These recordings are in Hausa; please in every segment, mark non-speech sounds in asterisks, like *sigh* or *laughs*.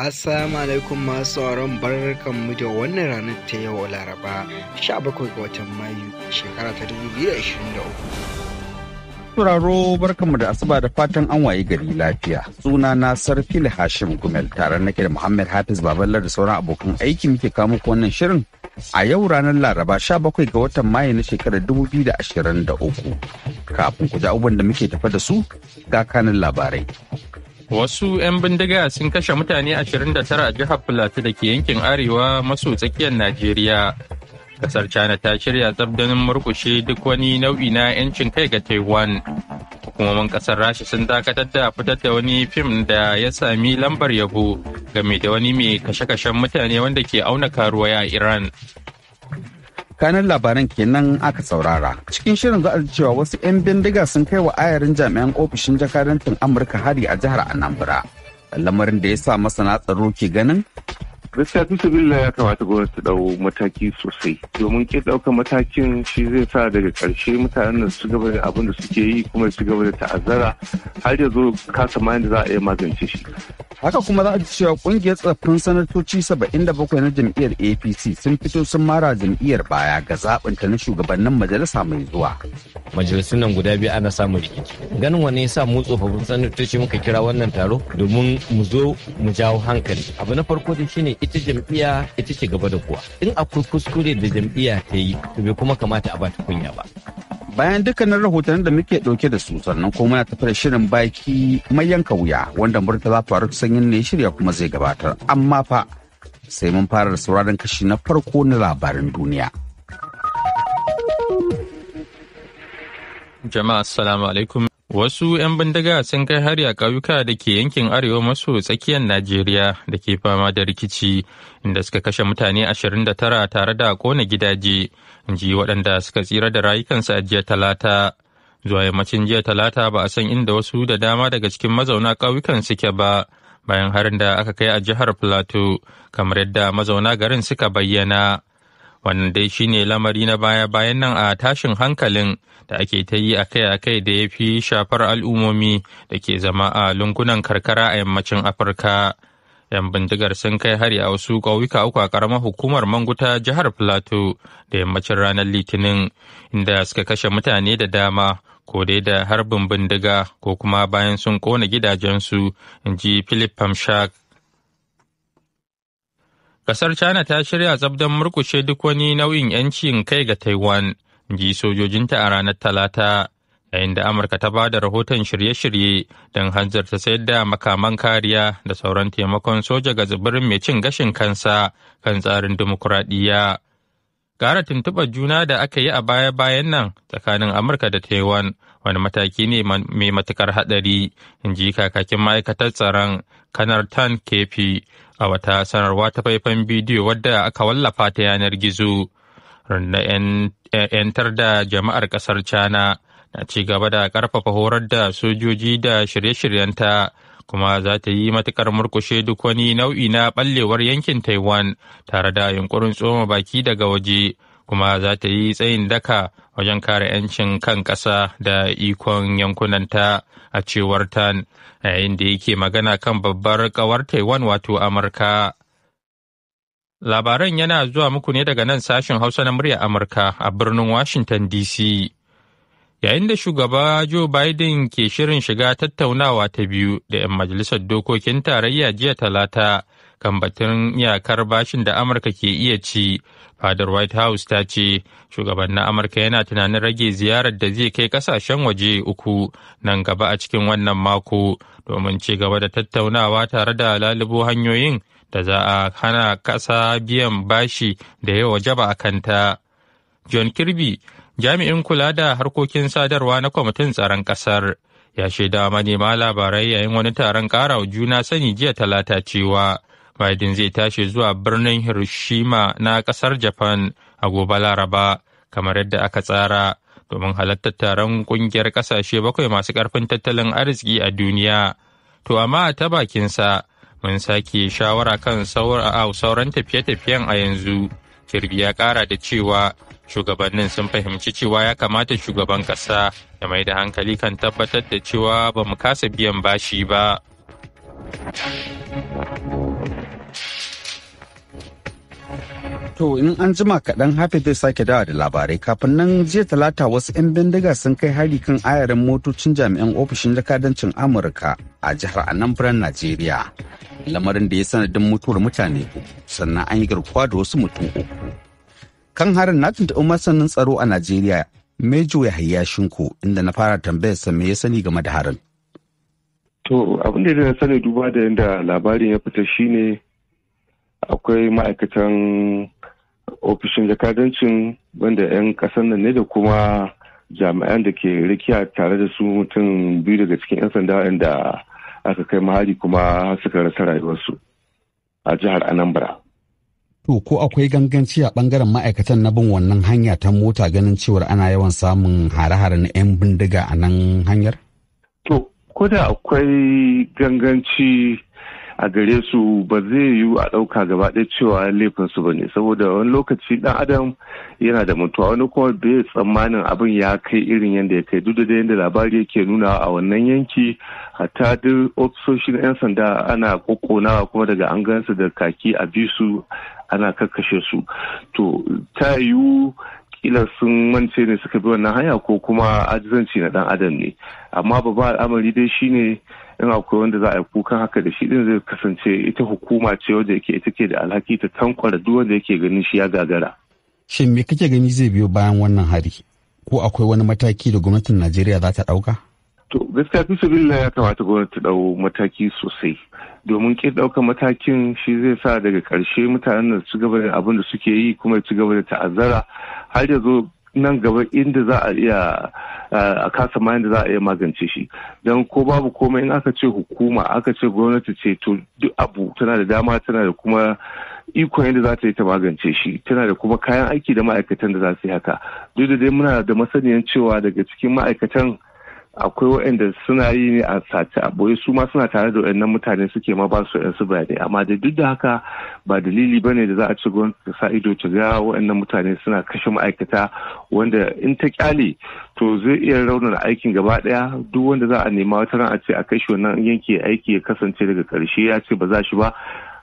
Assalamu alaikum masu sauran barkan mu da wannan ranar ta yau Laraba 17 ga watan Mayu shekara ta 2023. Turaro mu da asuba da fatan an waye gari lafiya. Suna na Sarfil Hashim Gumel tare nake da Muhammad Hafiz Baballa da sauran abokan aiki muke kawo muku wannan shirin a yau ranar Laraba 17 ga watan Mayu na shekarar 2023. Kafin ku ji abubuwan da muke tafa da su ga kanin labarai. Wasu 'yan bindiga sun kashe mutane 29 a jihar Filati da ke yankin arewa maso tsakiyar Najeriya. Kasar China ta shirya tsabdanin murkushe duk wani nau'i na 'yancin kai ga Taiwan. Hukumomin kasar Rasha sun dakatar da fitar da wani fim da ya sami lambar yabo game da wani mai kashe-kashen mutane wanda ke auna karuwa a Iran. kanan labaran kenan aka saurara cikin shirin za cewa wasu 'yan bindiga sun kai wa ayarin jami'an ofishin jakadancin amurka hari a jihar anambra lamarin da ya sa masana tsaro ke ganin gaskiya fi sabila ya kamata gwamnati ta dau mataki sosai domin ke ɗaukar matakin shi zai sa daga ƙarshe mutanen da su gaba da abin da suke yi kuma su gaba da ta'azzara har ya zo kasa ma da za a iya magance shi haka kuma za a ji cewa kungiyar tsaffin sanatoci 77 na jam'iyyar apc sun fito sun mara jam'iyyar baya ga zaɓinta na shugabannin majalisa mai zuwa majalisun nan guda biyu ana samun rikici ganin wanne yasa mu tsofaffin sanatoci muka kira wannan taro domin mu zo mu jawo hankali abu na farko da shine ita jam'iyya ita ce gaba da kuwa in akwai kuskure da jam'iyya ta yi to bai kuma kamata a ba ta kunya ba bayan dukkanin rahotannin da muke dauke da su sannan kuma muna tafi shirin baki mai yanka wuya wanda murtala faruk sanyin ne shirya kuma zai gabatar amma fa sai mun fara da sauraron kashi na farko na labarin duniya jama'a assalamu alaikum Wasu 'yan bindiga sun kai hari a ƙauyuka da ke yankin arewa maso tsakiyar Najeriya da ke fama da rikici, inda suka kashe mutane 29 tare da kona gidaje, ji waɗanda suka tsira da rayukansu a jiya talata. Zuwa yammacin jiya talata ba a san inda wasu da dama daga cikin mazauna ƙauyukan suke ba, bayan harin da aka kai a jihar Plateau, kamar yadda mazauna garin suka bayyana. wannan dai shine lamari na baya-bayan nan a tashin hankalin da ake ta yi a akai kai da ya fi shafar al'ummomi da ke zama a lungunan karkara a yammacin afirka yan bindigar sun kai hari a wasu ƙauyuka uku a ƙaramar hukumar manguta jihar plateau da yammacin ranar litinin inda suka kashe mutane da dama ko dai da harbin bindiga ko kuma bayan sun ƙona gidajensu in ji philip pamshak Kasar China ta shirya zabdan murkushe duk wani nau'in 'yancin kai ga Taiwan, ji sojojinta a ranar Talata, yayin da Amurka ta ba da rahoton shirye-shirye don hanzarta sayar da makaman kariya da sauran taimakon soja ga zubirin mai cin gashin kansa kan tsarin dimokuraɗiyya. Gara tuntuɓar juna da aka yi a baya-bayan nan tsakanin Amurka da Taiwan wani mataki ne mai matukar haɗari, in ji kakakin ma'aikatar tsaron kanar tan kefi a wata sanarwa ta faifan bidiyo wadda aka wallafa ta yanar gizo na 'yantar da jama'ar kasar china na ci gaba da karfafa horar da sojoji da shirye-shiryenta kuma za ta yi matukar murkushe duk wani nau'i na ɓallewar yankin taiwan tare da yunkurin tsoma baki daga waje kuma za ta yi tsayin daka wajen kare 'yancin kan ƙasa da ikon yankunanta a cewar tan yayin da yake magana kan babbar kawar Taiwan wato Amurka. Labaran yana zuwa muku ne daga nan sashen Hausa na murya Amurka a birnin Washington DC. Yayin da shugaba Joe Biden ke shirin shiga tattaunawa ta biyu da 'yan majalisar dokokin tarayya jiya talata kan batun iyakar bashin da amurka ke iya ci fadar white house ta ce shugaban na amurka yana tunanin rage ziyarar da zai kai kasashen waje uku nan gaba a cikin wannan mako domin ci gaba da tattaunawa tare da lalubo hanyoyin da za a hana kasa biyan bashi da yawa jaba a kanta john kirby jami'in kula da harkokin sadarwa na kwamitin tsaron kasar ya shaida manema labarai yayin wani taron karawa juna sani jiya talata cewa Biden zai tashi zuwa birnin Hiroshima na kasar Japan a gobe Laraba, kamar yadda aka tsara domin halartar taron kungiyar kasashe bakwai masu ƙarfin tattalin arziki a duniya. To amma ta bakinsa mun sake shawara kan sauran tafiye-tafiyen a yanzu. kirbi ya kara da cewa shugabannin sun fahimci cewa ya kamata shugaban kasa ya mai da hankali kan tabbatar da cewa ba mu kasa biyan bashi ba. To in an jima kaɗan hafi zai sake dawa da labarai kafin nan jiya talata wasu 'yan bindiga sun kai hari kan ayarin motocin jami'an ofishin jakadancin Amurka a jihar Anambra Najeriya. Lamarin da ya sanadin mutuwar mutane sannan an yi garkuwa da wasu mutum uku. Kan harin na tuntuɓi masanin tsaro a Najeriya Mejo Yahaya Shinko inda na fara tambayarsa me ya sani game da harin. To abin da na sani duba da yadda labarin ya fita shine akwai ma'aikatan ofishin jakadancin wanda 'yan kasan nan ne da kuma jami'an da ke rikiya tare da su mutum biyu daga cikin 'yan sanda inda aka kai mahari kuma suka rasa rayuwarsu a jihar anambra to ko akwai ganganci a bangaren ma'aikatan na bin wannan hanya ta mota ganin cewar ana yawan samun hare-hare na 'yan bindiga a nan hanyar to ko da akwai ganganci a gare su ba zai yiwu a ɗauka gaba ɗaya cewa laifin su ba ne saboda wani lokaci ɗan adam yana da mutuwa wani kuma bai tsammanin abin ya kai irin yadda ya kai duk da yadda labari yake nuna a wannan yanki hatta duk ofisoshin 'yan sanda ana kokonawa kuma daga an gansu da kaki a bisu ana kakkashe su to ta yiwu kila sun mance ne suka bi wannan hanya ko kuma ajizanci na dan adam ne amma babban al'amari dai shine in akwai wanda za a yi kukan haka da shi din zai kasance ita hukuma ce wanda yake ita ke da alhaki ta tankwara duk wanda yake ganin shi ya gagara. Shin me kake gani zai biyo bayan wannan hari? Ko akwai wani mataki da gwamnatin Najeriya za ta ɗauka? To gaskiya fi sabila ya kamata gwamnati ta dau mataki sosai. Domin ke ɗaukar matakin shi zai sa daga karshe mutanen da su gaba da abin da suke yi kuma ya ci gaba da ta'azzara har ya zo nan gaba inda za a iya a kasa ma inda za a iya magance shi don ko babu komai in aka ce hukuma aka ce gwamnati ce to duk abu tana da dama tana da kuma ikon yadda za ta yi ta magance shi tana da kuma kayan aiki da ma'aikatan da za su yi haka duk da dai muna da masaniyan cewa daga cikin ma'aikatan akwai waɗanda suna yi ne a sace a boye su ma suna tare da waɗannan mutane suke ma ba su su bayanai amma da duk da haka ba dalili ba ne da za a ci gwamnati sa ido ta ga waɗannan mutane suna kashe ma'aikata wanda in ta kyale to zai iya raunar aikin gaba ɗaya duk wanda za a nema wata ran a ce a kashe wannan yanke aiki ya kasance daga ƙarshe ya ce ba za shi ba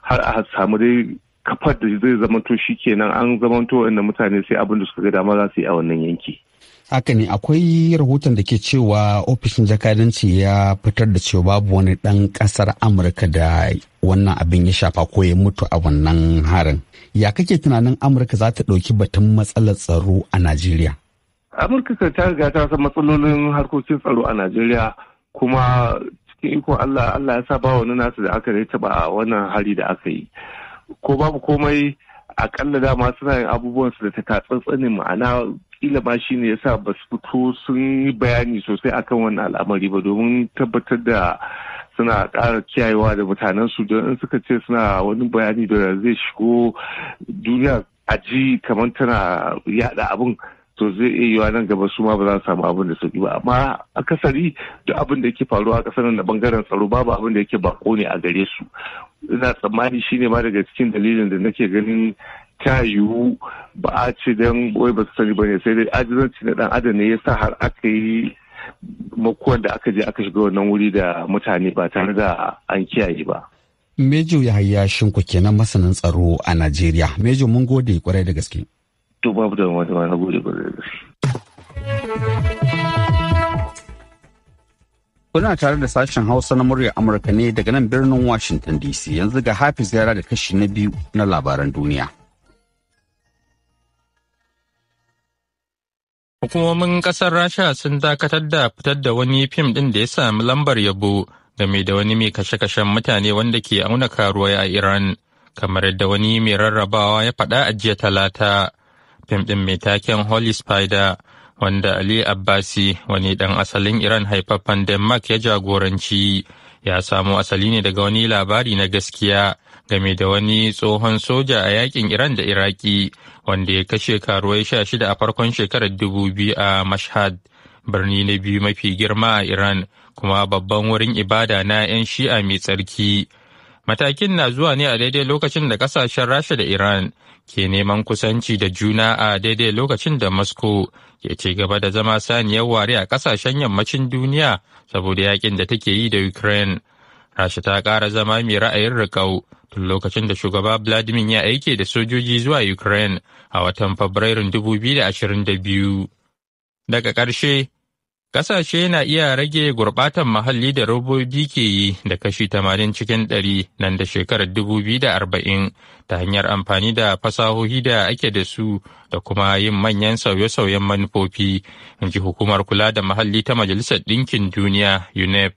har a samu dai kafar da zai zamanto shi kenan an zamanto waɗannan mutane sai abin da suka ga dama za su yi a wannan yanki. haka ne akwai rahoton da ke cewa ofishin jakadanci ya fitar da cewa babu wani ɗan ƙasar amurka da wannan abin ya shafa ko ya mutu a wannan harin ya kake tunanin amurka za ta ɗauki batun matsalar tsaro a najeriya amurka ta riga ta san matsalolin harkokin tsaro a najeriya kuma cikin iko allah allah ya sa ba wani nasu da aka ba a wannan hari da aka yi ko babu komai akalla dama suna yin abubuwan su da ta tsantsanin ma'ana kila ba shi ne yasa ba su fito sun yi bayani sosai akan wannan al'amari ba domin tabbatar da suna ƙara kiyayewa da mutanen su don in suka ce suna wani bayani da zai shigo duniya a ji kamar tana yada abin to zai iya yiwa nan gaba su ma ba za su samu abin da su ba amma akasari duk abin da yake faruwa a kasar nan da bangaren tsaro babu abin da yake bako ne a gare su ina tsammani shine ma daga cikin dalilin da nake ganin ta yiwu ba a ce don wai ba su sani ba ne sai dai ajizanci na dan adam ne ya sa har aka yi makuwan da aka je aka shiga wannan wuri da mutane ba tare da an kiyaye ba. Mejo Yahaya Shinku kenan masanin tsaro a Najeriya. Mejo mun gode kwarai da gaske. To babu da wani gode da Kuna tare da sashen Hausa na muryar Amurka ne daga nan birnin Washington DC yanzu ga hafi ziyara da kashi na biyu na labaran duniya. Hukumomin ƙasar Rasha sun dakatar da fitar da wani fim ɗin da ya sami lambar yabo game da wani mai kashe-kashen mutane wanda ke auna karuwai a Iran, kamar yadda wani mai rarrabawa ya faɗa a jiya talata. Fim ɗin mai taken Holy Spider, wanda Ali Abbasi, wani ɗan asalin Iran haifaffen Denmark ya jagoranci, ya samo asali ne daga wani labari na gaskiya game da wani tsohon soja a yakin Iran da Iraki wanda ya kashe karuwai sha shida a farkon shekarar dubu biyu a Mashhad, birni na biyu mafi girma a Iran kuma babban wurin ibada na 'yan shi'a mai tsarki. Matakin na zuwa ne a daidai lokacin da kasashen Rasha da Iran ke neman kusanci da juna a daidai lokacin da Moscow ke ci gaba da zama saniyar ware a kasashen yammacin duniya saboda yakin da take yi da Ukraine. rasha ta ƙara zama mai ra'ayin riƙau tun lokacin da shugaba vladimir ya aike da sojoji zuwa ukraine a watan fabrairun 2022 daga ƙarshe Ƙasashe na iya rage gurɓatan muhalli da robobi ke yi da kashi 80 cikin 100 nan da shekarar 2040 ta hanyar amfani da fasahohi da ake da su da kuma yin manyan sauye-sauyen manufofi, in ji hukumar kula da muhalli ta Majalisar Ɗinkin Duniya UNEP.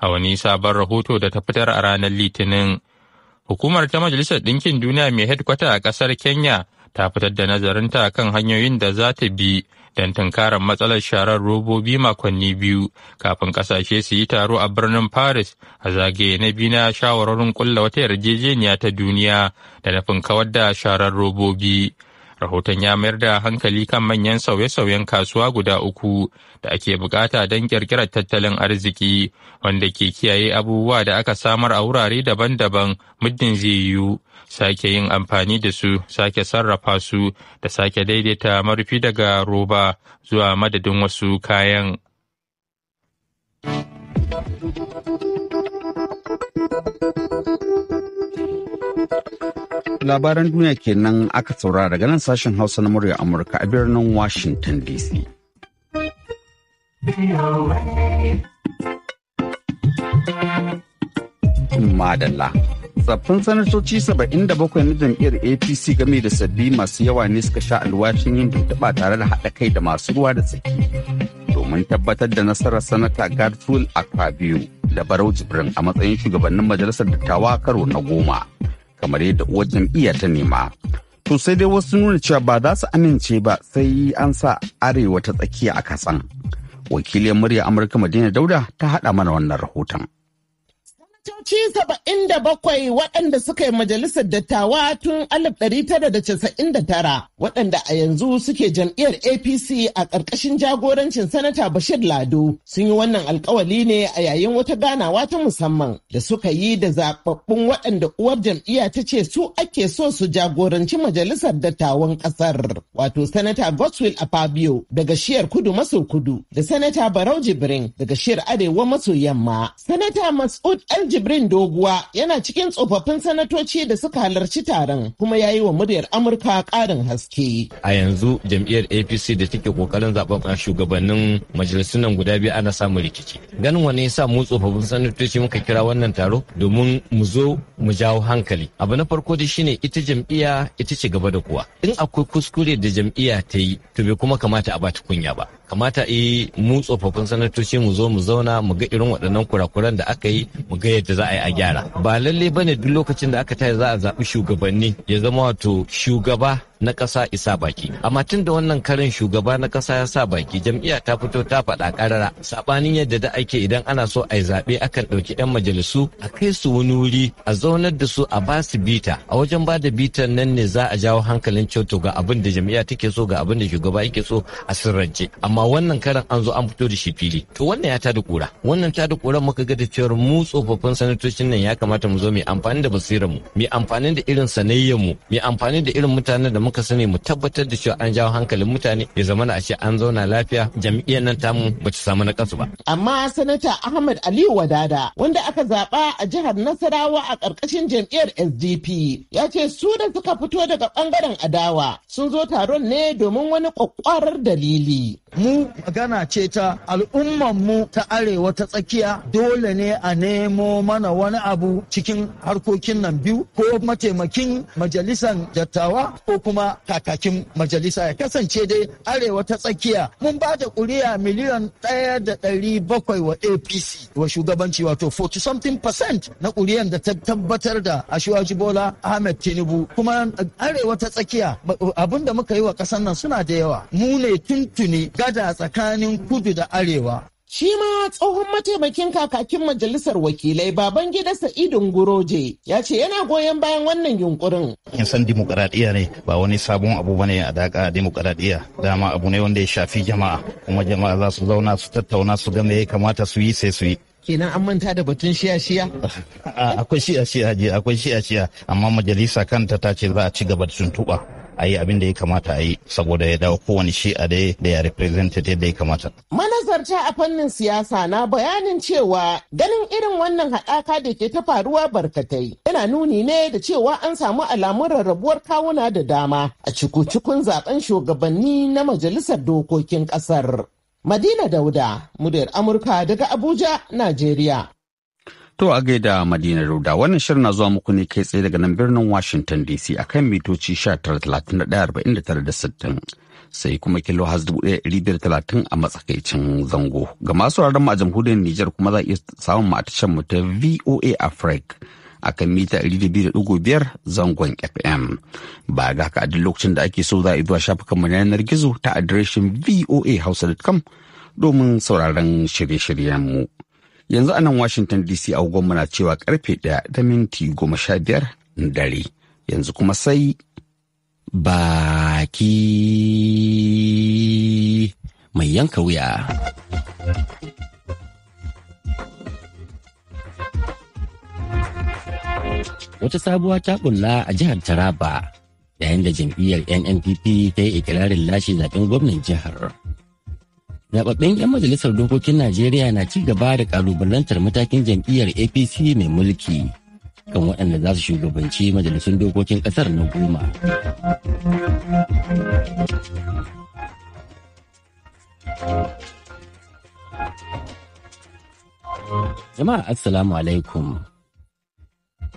a wani sabon rahoto da ta fitar a ranar litinin hukumar ta majalisar ɗinkin duniya mai hedkwata a ƙasar kenya ta fitar da nazarinta kan hanyoyin da za ta bi don tunkarar matsalar sharar robobi makonni biyu kafin ƙasashe su yi taro a birnin paris a zagaye na biyu na shawararin kulla wata yarjejeniya ta duniya da nufin kawar da sharar robobi rahoton ya mayar da hankali kan manyan sauye-sauyen kasuwa guda uku da ake bukata don kirkirar tattalin arziki wanda ke kiyaye abubuwa da aka samar a wurare daban-daban muddin zai yiwu sake yin amfani da su sake sarrafa su da sake daidaita marufi daga roba zuwa madadin wasu kayan. labaran duniya kenan aka saurara daga nan sashen Hausa na murya Amurka a birnin Washington DC. Madalla. tsaffin sanatoci 77 na jam'iyyar apc game da sabbi masu yawa ne suka sha alwashin yin tuntuɓa tare da haɗa kai da masu ruwa da tsaki domin tabbatar da nasarar sanata godfrey akwabiyu da barau jibrin a matsayin shugabannin majalisar dattawa karo na goma kamar yadda uwar jam'iyya ta nema. To sai dai wasu nuna cewa ba za su amince ba sai an sa arewa ta tsakiya a kasan. Wakiliyar murya Amurka Madina Dauda ta haɗa mana wannan rahoton. Sanatoci 77 waɗanda suka yi majalisar dattawa tun 1999 waɗanda a yanzu suke jam'iyyar APC a ƙarƙashin jagorancin Sanata Bashir Lado sun yi wannan alkawali ne a yayin wata ganawa ta musamman da suka yi da zaɓaɓɓun waɗanda uwar jam'iyya ta ce su ake so su jagoranci majalisar dattawan ƙasar. Wato Sanata Godswill Afabio daga shiyar kudu maso kudu da Sanata Barau Jibrin daga shiyar arewa maso yamma. Sanata Mas'ud El Jibrin Karin Doguwa yana cikin tsofaffin sanatoci da suka halarci taron kuma ya yi wa muryar Amurka ƙarin haske. A yanzu jam'iyyar APC da take kokarin zaɓen shugabannin majalisunan guda biyu ana samun rikici. Ganin wani ya sa mu tsofaffin sanatoci muka kira wannan taro domin mu zo mu jawo hankali. Abu na farko da shine ita jam'iyya ita ce gaba da kuwa. In akwai kuskure da jam'iyya ta yi to bai kuma kamata a bata kunya ba. kamata yi mu tsofaffin sanatoci mu zo mu zauna mu ga irin waɗannan kurakuran da aka yi mu ga yadda za a yi a gyara ba lalle bane duk lokacin da aka taya za a zaɓi shugabanni ya zama wato shugaba na ƙasa isa baki amma tun da wannan karin shugaba na ƙasa ya sa baki jam'iyya ta fito ta faɗa ƙarara saɓanin yadda da ake idan ana so a yi zaɓe akan ɗauki 'yan majalisu a kai su wani wuri a zaunar da su a ba su bita a wajen ba da bitan nan ne za a jawo hankalin coto ga abin da jam'iyya take so ga abin da shugaba yake so a sirrance amma wannan karin an zo an fito da shi fili to wannan ya tada kura wannan tada kura muka ga da cewar mu tsofaffin sanatocin nan ya kamata mu zo mai amfani da basirar mu amfani da irin sanayyarmu, mu amfani da irin mutanen da muka muka sani mu tabbatar da cewa an jawo hankalin mutane ya zama a ce an zauna lafiya jam'iyyar nan tamu ba ta samu na kansu ba. Amma sanata Ahmad Aliyu Wadada wanda aka zaba a jihar Nasarawa a ƙarƙashin jam'iyyar SDP ya ce su da suka fito daga ɓangaren adawa sun zo taron ne domin wani ƙwaƙƙwarar dalili. Mu magana ce ta mu ta arewa ta tsakiya dole ne a nemo mana wani abu cikin harkokin nan biyu ko mataimakin majalisar dattawa ko kuma kakakin majalisa ya kasance dai arewa ta tsakiya mun ba da kuri'a miliyan ɗaya da ɗari bakwai wa apc wa shugabanci wato 40 something percent na kuri'an da ta tabbatar da ashiwaji bola ahmed tinubu kuma arewa ta tsakiya abin da muka yi wa ƙasar nan suna da yawa mu ne tuntuni gada tsakanin kudu da arewa Shi ma tsohon mataimakin kakakin majalisar wakilai baban gida Sa'idun Guroje ya ce yana goyon bayan wannan yunkurin. In san dimokuraɗiyya ne ba wani sabon abu ba ne a daƙa dimokuraɗiyya dama abu ne wanda ya shafi jama'a kuma jama'a za su zauna su tattauna su game ya kamata su yi sai su yi. kenan an manta da batun shiya-shiya? *laughs* Akwai shiya-shiya je, akwai shiya-shiya, amma majalisa kanta ta ce za a ci gaba da tuntuɓa. a yi abin da ya kamata a yi saboda ya dawo kowane shi'a dai da ya represented yadda ya kamata. Manazarta a fannin siyasa na bayanin cewa ganin irin wannan haɗaka da ke ta faruwa barkatai yana nuni ne da cewa an samu alamun rarrabuwar kawuna da dama a ciku zaben shugabanni na majalisar dokokin ƙasar. Madina Dauda, muryar Amurka daga Abuja, Najeriya. To a gaida Madina Dauda wannan shirin na zuwa muku ne kai tsaye daga nan birnin Washington DC a kan mitoci 19,31,49,60 sai kuma kilo has 1,530 a matsakaicin zango. Ga masu mu a jamhuriyar Nijar kuma za a iya samun mu a tashar mu ta VOA Africa kan mita biyar zangon FM. Ba ga haka a duk lokacin da ake so za a zuwa shafukan mu na yanar gizo ta adireshin voa hausa.com domin sauraron shirye-shiryen mu. yanzu a nan washington dc agogon muna cewa karfe ɗaya da minti goma sha biyar dare yanzu kuma sai baki mai yanka wuya wata sabuwa ta kulla a jihar taraba yayin da jam'iyyar nnpp ta yi ikirarin lashe zaben gwamnan jihar zaɓaɓɓen 'yan majalisar dokokin najeriya na ci gaba da kalubalantar matakin jam'iyyar apc mai mulki kan waɗanda za su shugabanci majalisun dokokin ƙasar na goma jama'a assalamu alaikum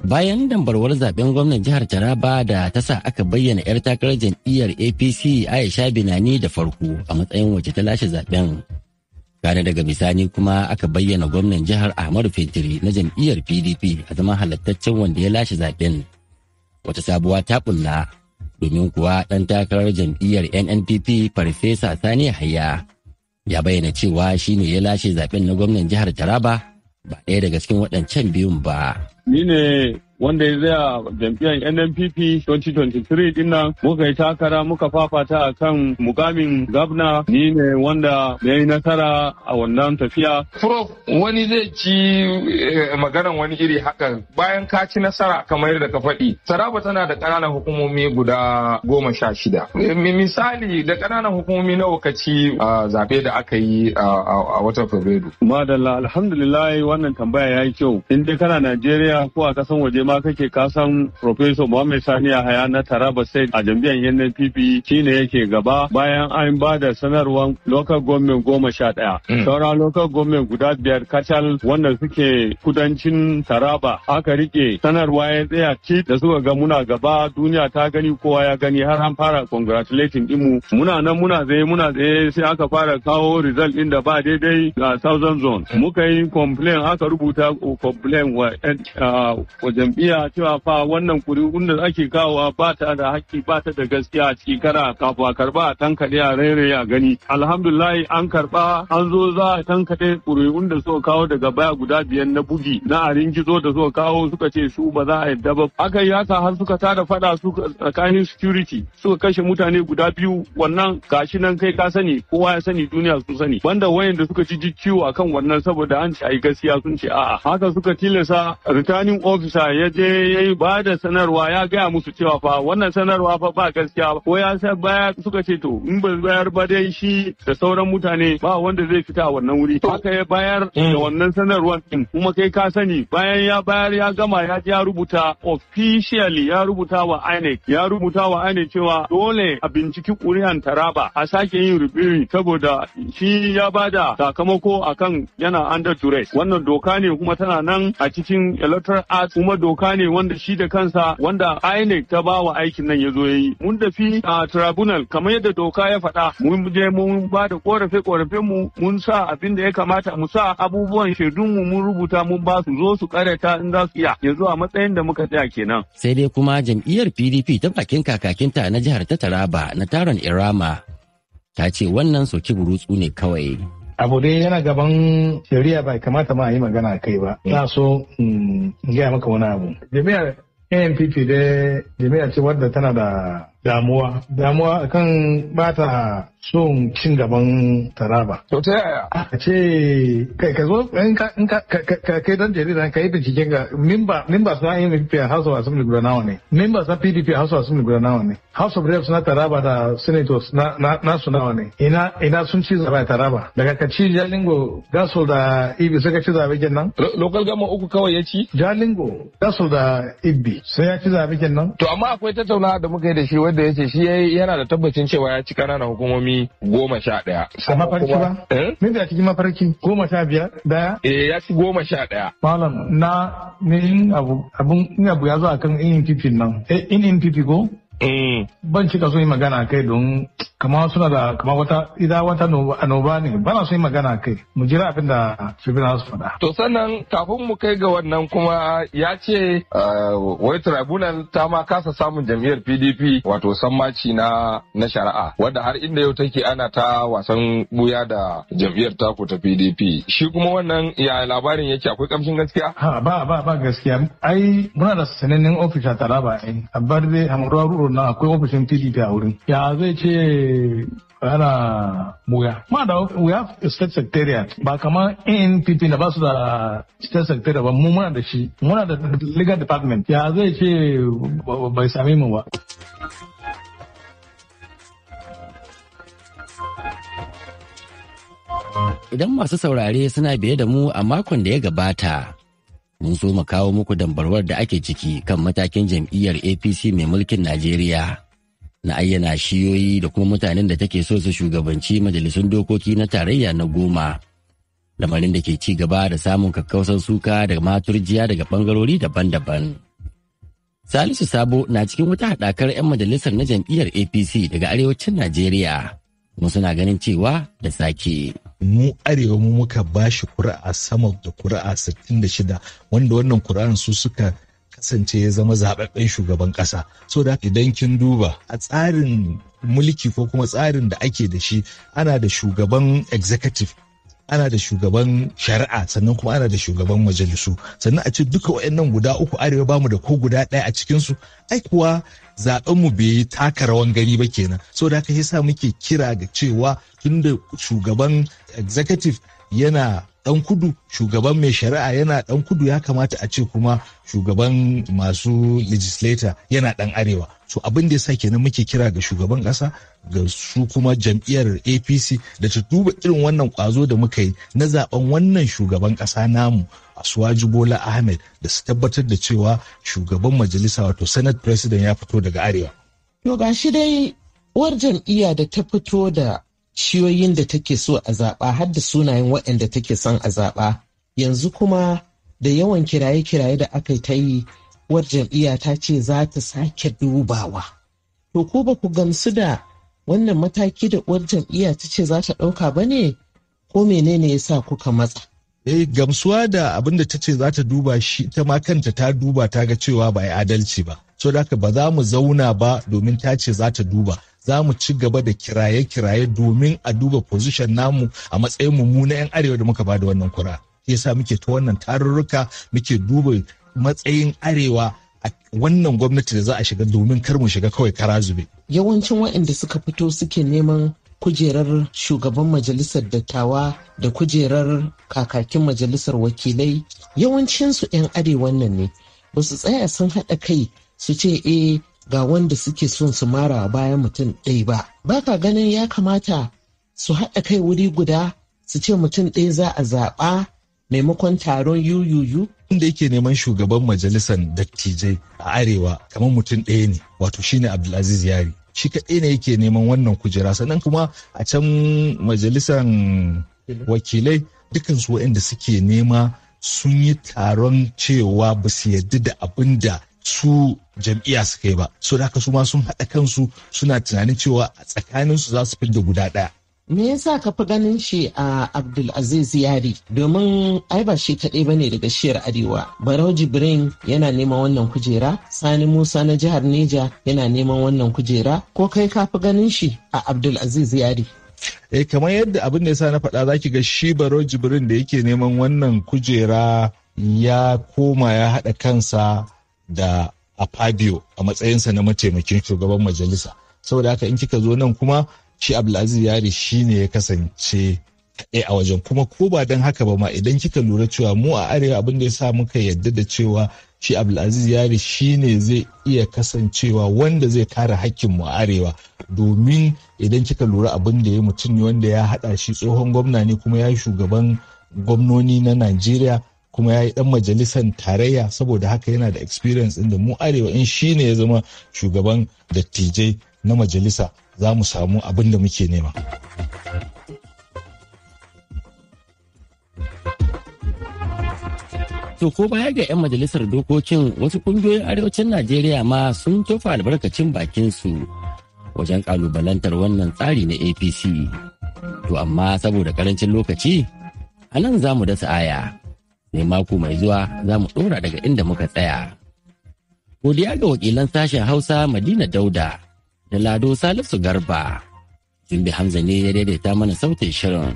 bayan dambarwar zaben gwamnan jihar taraba da ta sa aka bayyana 'yar takarar jam'iyyar apc aisha binani da farko a matsayin wace ta lashe zaben gane daga bisani kuma aka bayyana gwamnan jihar ahmadu fetiri na jam'iyyar pdp a zama halattaccen wanda ya lashe zaben wata sabuwa ta bulla domin kuwa ɗan takarar jam'iyyar nnpp farfesa sani haya ya bayyana cewa shine ya lashe zaben na gwamnan jihar taraba ba ɗaya daga cikin waɗancan biyun ba. Ni ne wanda ya zaya jam'iyyar NNPP 2023 din nan muka yi takara muka fafata a kan mukamin gabna ni ne wanda ya yi nasara a wannan tafiya. Prof wani zai ci eh, maganan wani iri hakan bayan ka ci nasara kamar da ka faɗi. Taraba tana da ƙananan hukumomi guda goma sha shida. Misali da ƙananan hukumomi nawa ka zaɓe da aka yi a watan Fabrairu. Madalla alhamdulillah wannan tambaya ya yi kyau. In dai kana Najeriya ko a ƙasan waje ma kake kasan Professor Muhammad Sani Yahaya na Taraba State a jam'iyyar NNPP shine yake gaba bayan an ba da sanarwar local government goma sha ɗaya. Mm. Sauran local government guda biyar kacal wanda suke kudancin Taraba aka rike sanarwa ya tsaya ci da suka ga muna gaba duniya ta gani kowa ya gani har an fara congratulating dinmu muna nan muna zai muna tsaye sai aka fara kawo result ɗin da ba daidai a Southern Zone. Mm. Muka yi complain aka rubuta complain wa eh, uh, Iya cewa fa wannan kuri'un da ake kawowa ba ta da haƙƙi ba ta da gaskiya a ciki kara kafin a karba a tankade a raira a gani alhamdulillah an karba an zo za a tankaɗe kuri'un da suka kawo daga baya guda biyar na bugi na arin gizo da suka kawo suka ce su ba za a yadda ba aka yi haka har suka tada fada su tsakanin security suka kashe mutane guda biyu wannan gashi nan kai ka sani kowa ya sani duniya sun sani banda wayanda suka ci ciwo akan wannan saboda an ci a yi gaskiya sun ce a'a haka suka tilasta returning officer ya ya je ya yi ba da sanarwa ya gaya musu cewa fa wannan sanarwa fa ba gaskiya ko ya san baya suka ce to in ba bayar ba dai shi da sauran mutane ba wanda zai fita a wannan wuri haka ya bayar da mm. wannan sanarwar din kuma kai ka sani bayan ya bayar ya gama ya ya rubuta officially ya rubuta wa INEC ya rubuta wa INEC cewa dole a binciki kuri'an Taraba a sake yin rubiri saboda shi ya bada sakamako akan yana under duress wannan doka ne kuma tana nan a cikin electoral act kuma doka doka ne wanda shi da kansa wanda INEC ta ba wa aikin nan ya zo ya yi. Mun tafi a tribunal kamar yadda doka ya faɗa mun je mun ba da korafe korafe mu mun sa abin da ya kamata mu sa abubuwan shaidun mu mun rubuta mun ba su zo su karata in za su iya Ya zo a matsayin da muka tsaya kenan. Sai dai kuma jam'iyyar PDP ta bakin kakakinta na jihar ta Taraba na taron Irama ta ce wannan soki burutsu ne kawai. abu dai yana gaban shari'a bai kamata ma a yi magana kai ba mm. na so mm, in gaya maka wani abu jami'ar anpp dai jami'a ce wadda tana da damuwa damuwa kan bata son cin gaban taraba to ta yaya a ce kai ka zo in ka kai dan jarida ka yi bincike ga member members na NPP a House of Assembly guda nawa ne members na PDP a House of Assembly guda nawa ne House of Reps na taraba da senators na na su nawa ne ina ina sun ci zaba taraba daga ka ci Jalingo Gasol da Ibi ka ci zabe kenan local government uku kawai ya ci Jalingo Gasol da Ibi sai ya ci zabe kenan to amma akwai tattaunawa da muka yi da shi da ya ce shi yana da tabbacin cewa ya ci ƙananan hukumomi goma sha ɗaya. A mafarki ba? Eh? Ni da cikin mafarki goma sha biyar daya? Eh ya ci goma sha ɗaya. Malam na ni in abu abun in abu ya zo akan NNPP nan. Eh go? Eh. Mm. Ban cika so yi magana kai don kamar suna da kamar wata idan wata annoba ne bana so yi magana kai mu jira abin da tribunal su faɗa. To sannan kafin mu kai ga wannan kuma ya ce eh, wai tribunal ta ma kasa samun jam'iyyar PDP wato sammaci na na shari'a wadda har inda yau take ana ta wasan buya da jam'iyyar taku ta PDP. Shi kuma wannan ya labarin yake akwai kamshin gaskiya? Ha ba ba ba gaskiya ai muna da sanannen ofis Taraba ai. bar dai Hamadu ruru na akwai ofishin PDP a wurin. Ya zai ce ana wuya. Ma da have state secretariat ba kamar ANPP da ba su da state secretariat ba mu muna da shi muna da legal department ya zai ce bai sami mu ba. Idan masu saurare suna biye da mu a makon da ya gabata, mun so mu kawo muku dambarwar da ake ciki kan matakin jam'iyyar APC mai mulkin Najeriya. na ayyana shiyoyi da kuma mutanen da take so su shugabanci majalisun dokoki na tarayya na goma lamarin da ke ci gaba da samun kakkausan suka da maturjiya daga bangarori daban-daban salisu sabo na cikin wata haɗakar 'yan majalisar na jam'iyyar apc daga arewacin najeriya kuma suna ganin cewa da sake mu arewa mu muka bashi kura'a sama da kura'a 66 wanda wannan kura'an su suka kasance ya zama zaɓaɓɓen shugaban ƙasa so da idan kin duba a tsarin mulki ko kuma tsarin da ake da shi ana da shugaban executive ana da shugaban shari'a sannan kuma ana da shugaban majalisu sannan a ce duka wayannan guda uku arewa bamu da ko guda ɗaya a cikinsu ai kuwa zaben mu bai taka rawan gani ba kenan so da haka yasa muke kira ga cewa tunda shugaban executive yana dan kudu shugaban mai shari'a yana dan kudu ya kamata a ce kuma shugaban masu legislator yana dan arewa so abin da yasa kenan muke kira ga shugaban kasa ga su kuma jam'iyyar apc da ta duba irin wannan kwazo da muka yi na zaben wannan shugaban kasa namu asuwaji bola ahmed da su tabbatar da cewa shugaban majalisa wato senate president ya fito daga arewa to shi dai uwar jam'iyya da ta fito da shiyoyin da take so a zaɓa har da sunayen waɗanda take son a zaɓa yanzu kuma da yawan kiraye-kiraye da aka ta yi war jam'iyya ta ce za ta sake dubawa to ko ba ku gamsu da wannan mataki da uwar jam'iyya ta ce za ta ɗauka ba ne ko menene ya sa kuka matsa eh gamsuwa da abin da ta ce za ta duba shi ta ma kanta ta duba ta ga cewa ba adalci ba so da ba za mu zauna ba domin ta ce za ta duba za mu ci gaba da kiraye-kiraye domin a duba position namu a matsayin mu na 'yan arewa da muka ba da wannan kura yasa muke ta wannan tarurruka muke duba matsayin arewa a wannan gwamnati da za a shiga domin kar mu shiga kawai kara zube. Yawancin waɗanda suka fito suke neman kujerar shugaban majalisar dattawa da kujerar kakakin majalisar wakilai yawancinsu 'yan arewa nan ne ba su tsaya sun haɗa kai su ce eh ga wanda suke son su mara bayan mutum ɗaya ba. Baka ganin ya kamata su haɗa kai wuri guda su ce mutum ɗaya za a zaɓa maimakon taron yuyuyu? Wanda yake neman shugaban majalisar dattijai a arewa kamar mutum ɗaya ne wato shine Abdulaziz Yari. Shi kaɗai ne yake neman wannan kujera sannan kuma a can majalisar wakilai dukansu waɗanda suke nema sun yi taron cewa ba su yarda da abin da su jam'iyya suka yi ba so da haka su ma sun haɗa kansu suna tunanin cewa a tsakaninsu za su fidda guda ɗaya me yasa ka fi ganin shi a abdulaziz yari domin ai ba shi kaɗai ba ne daga shiyar arewa barau jibrin yana neman wannan kujera sani musa na jihar neja yana neman wannan kujera ko kai ka fi ganin shi a abdulaziz yari eh kamar yadda abin da yasa na faɗa zaki ga shi barau jibrin da yake neman wannan kujera ya koma ya haɗa kansa da a Fabio a matsayinsa na mataimakin shugaban majalisa. Saboda haka in kika zo nan kuma shi Abdulaziz Yari shi ne ya kasance kaɗai a wajen kuma ko ba don haka ba ma idan kika lura cewa mu a arewa abin da ya sa muka yadda da cewa shi Abdulaziz Yari shi ne zai iya kasancewa wanda zai kare mu a arewa domin idan kika lura abin da ya mutum ne wanda ya haɗa shi tsohon gwamna ne kuma ya shugaban gwamnoni na Najeriya kuma ya yi dan majalisar tarayya saboda haka yana da experience inda mu arewa in shi ne ya zama shugaban dattijai na majalisa za mu samu abin da muke nema. To ko baya ga 'yan majalisar dokokin wasu kungiyoyin arewacin Najeriya ma sun tofa albarkacin bakinsu wajen kalubalantar wannan tsari na APC. To amma saboda karancin lokaci, a nan za mu dasa aya. Mai mako mai zuwa za mu ɗora daga inda muka tsaya. Godiya ga wakilan sashen Hausa Madina Dauda da Lado Salisu Garba. Jimbi Hamza ne ya daidaita mana sautin shirin.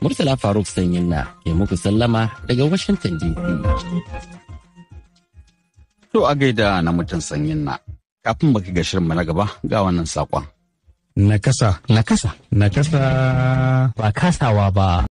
Murtala Faruk Sanyinna ke muku sallama daga Washington DC. To a gaida na mutum Sanyinna. Kafin baki ga shirin na gaba ga wannan saƙon. Nakasa. Nakasa. Nakasa. Ba kasawa ba.